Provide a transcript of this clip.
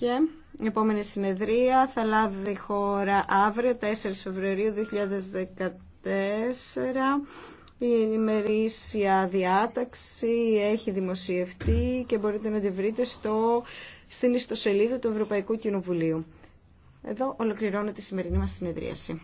Και η επόμενη συνεδρία θα λάβει χώρα αύριο, 4 Φεβρουαρίου 2014. Η ημερήσια διάταξη έχει δημοσιευτεί και μπορείτε να τη βρείτε στο, στην ιστοσελίδα του Ευρωπαϊκού Κοινοβουλίου. Εδώ ολοκληρώνω τη σημερινή μας συνεδρίαση.